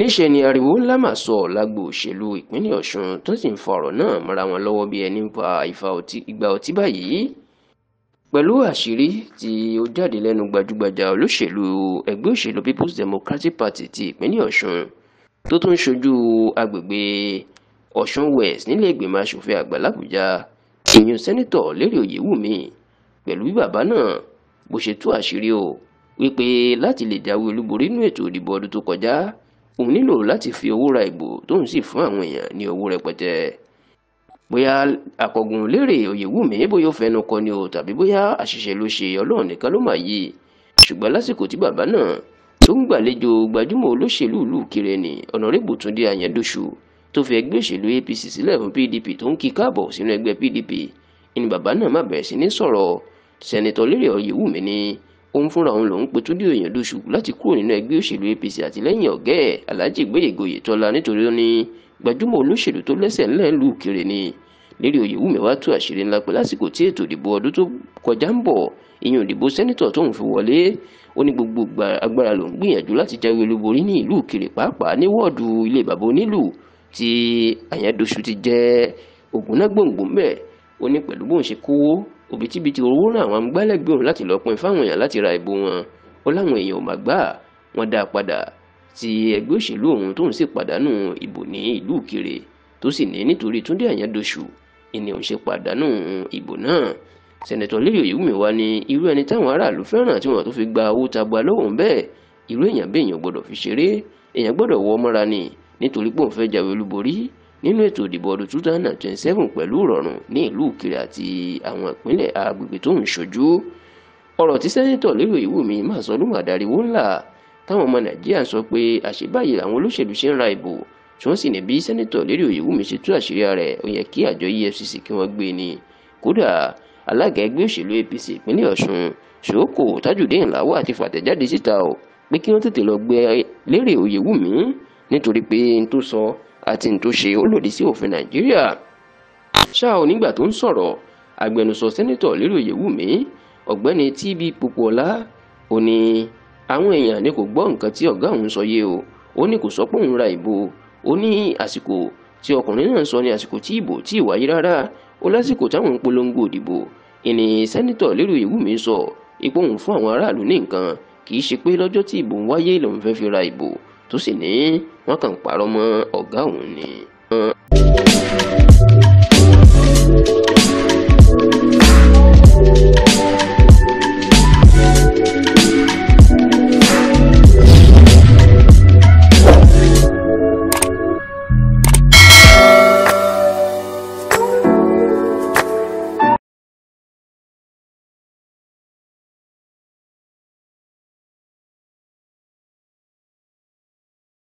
níṣẹ́ ni ariwo ńlá mà sọ lágbo òṣèlú ìpínlẹ̀ ọ̀ṣun tó sì ń fa ọ̀rọ̀ náà mọ́ra wọn lọ́wọ́ bí ẹni ń fa ìgbà ọtí báyìí pẹ̀lú àṣírí tí ó jáde lẹ́nu gbajúgbajà olóṣèlú ẹgbẹ́ òṣèlú people's democratic party ti ìpínlẹ̀ ọ̀ṣun tó tún ń ṣojú agbègbè ọ̀ṣun west nílé ìgbìmọ̀ asòfin àgbà làbújá ìyún sẹ́nitọ̀ lérè oyèwùmí pẹ̀lú bí bàbá náà bó ṣe tú àṣírí o wípé láti lè jáwé olúborí nínú ètò ìdìbò ọdún tó kọjá òun nílò láti fi owó ra ìbò tóun sì fún àwọn èèyàn ní owó rẹpẹtẹ bóyá akọgun lérè Oyèwùmí bóyá ó fẹnu kọ ni o tàbí bóyá àṣìṣe ló ṣe Ọlọ́run nìkan ló mà yí ṣùgbọ́n lásìkò tí bàbá náà tó ń gbàlejò gbajúmọ̀ olóṣèlú ìlú Ìkirẹ́nì ọ̀nàrẹ́bù Túndé Àyàndóṣù tó fi ẹgbẹ́ òṣèlú APC sílẹ̀ fún PDP tó ń kí káàbọ̀ sínú ẹgbẹ́ PDP ni bàbá náà má bẹ̀rẹ̀ sí ní sọ̀rọ̀ sẹ́nitọ́ lérè Oyèwùmí ni òun fúnra òun lòun pe túndé èèyàn lóṣù láti kúrò nínú ẹgbẹ́ òṣèlú apc àtìlẹ́yìn ọ̀gẹ́ ẹ̀ alhaji gbóyègoyè tọ́lá nítorí ó ní gbajúmọ̀ olóṣèlú tó lẹ́sẹ̀ ńlẹ̀ ìlú òkèèrè ni lérí oyèwùmí wá tú àṣírí ńlá pé lásìkò tí ètò ìdìbò ọdún tó kọjá ń bọ̀ ìyẹn òdìbò sẹ́nítọ̀ tóun fi wọlé ó ní gbogbo agbára ló ń gbìyànjú láti jáwé olúborí ní ìlú òkèèrè pàápàá ní wọ́ọ̀dù ilé bàbá onílùú tí àyàndóṣù ti jẹ́ ògúnnágbòǹgbò mẹ́ẹ̀ ó ní pẹ̀lú bóun ṣe kówó òbítíbitì owó ràn àwọn amúgbálẹ́gbẹ̀ẹ́ òun láti lọ́ọ́ pin fáwọn èèyàn láti ra ìbò wọn ó láwọn èèyàn ò má gbà wọ́n dá a padà tí ẹgbẹ́ òṣèlú òun tóun sì pàdánù ìbò ní ìlú òkèrè tó sì ní nítorí Túndé Àyàndòṣù ìní òun ṣe pàdánù ìbò náà sẹ̀nẹ̀tọ̀ Lérè Oyèwùmí wá ní irú ẹni táwọn aráàlú fẹ́ràn tí wọ́n tó fi gba owó tabua lóhùn bẹ́ẹ̀ irú èèyàn bẹ́ẹ̀ èèyàn gbọ́dọ̀ fi ṣeré èèyàn gbọ́dọ̀ wọ́ mọ́ra ni nítorí pé òun fẹ́ jáwé olúborí nínú ètò ìdìbò ọdún two thousand and twenty seven pẹ̀lú ìrọ̀rùn ní ìlú Ìkirè àti àwọn ìpínlẹ̀ agbègbè tó ń ṣojú ọ̀rọ̀ tí sẹ́nitọ̀ lérò Ìwúmi máa sọ ló mà dariwo ńlá táwọn ọmọ Nàìjíríà sọ pé àṣebáyé àwọn olóṣèlú ṣe ń ra ìbò tí wọ́n sì ní bí sẹ́nitọ̀ lérò Ìwúmi ṣe tú àṣírí rẹ̀ ó yẹ kí àjọ EFCC kí wọ́n gbé e ni kódà alága ẹgbẹ́ òṣèlú APC ìpínlẹ̀ Ọ̀ṣun Ṣòókò Tajudeen Lawal ti fàtẹ̀jáde síta o pé kí wọ́n tètè lọ gbé lérè Oyèwùmí nítorí pé n tó sọ àti ní tó ṣe ó lòdì sí òfin nàìjíríà ṣá ò nígbà tó ń sọ̀rọ̀ agbẹnusọ sẹ́nitọ̀ lérò yẹ̀wùmí ọ̀gbẹ́ni TB pupola ó ní àwọn èèyàn ni kò gbọ́ nǹkan tí ọ̀gá òun sọ yé o ó ní kò sọ pé òun ra ìbò ó ní àsìkò tí ọkùnrin náà sọ ní àsìkò tí ìbò tí ì wáyé rárá ó lásìkò táwọn ń polongo òdìbò ìní sẹ́nitọ̀ lérò yẹ̀wùmí sọ ipò òun fún àwọn aráàlú ní kì í ṣe pé lọ́jọ́ tí ìbò ń wáyé lòun fẹ́ fi ra ìbò tó sì ní wọ́n kàn ń parọ́ mọ́ òun ni.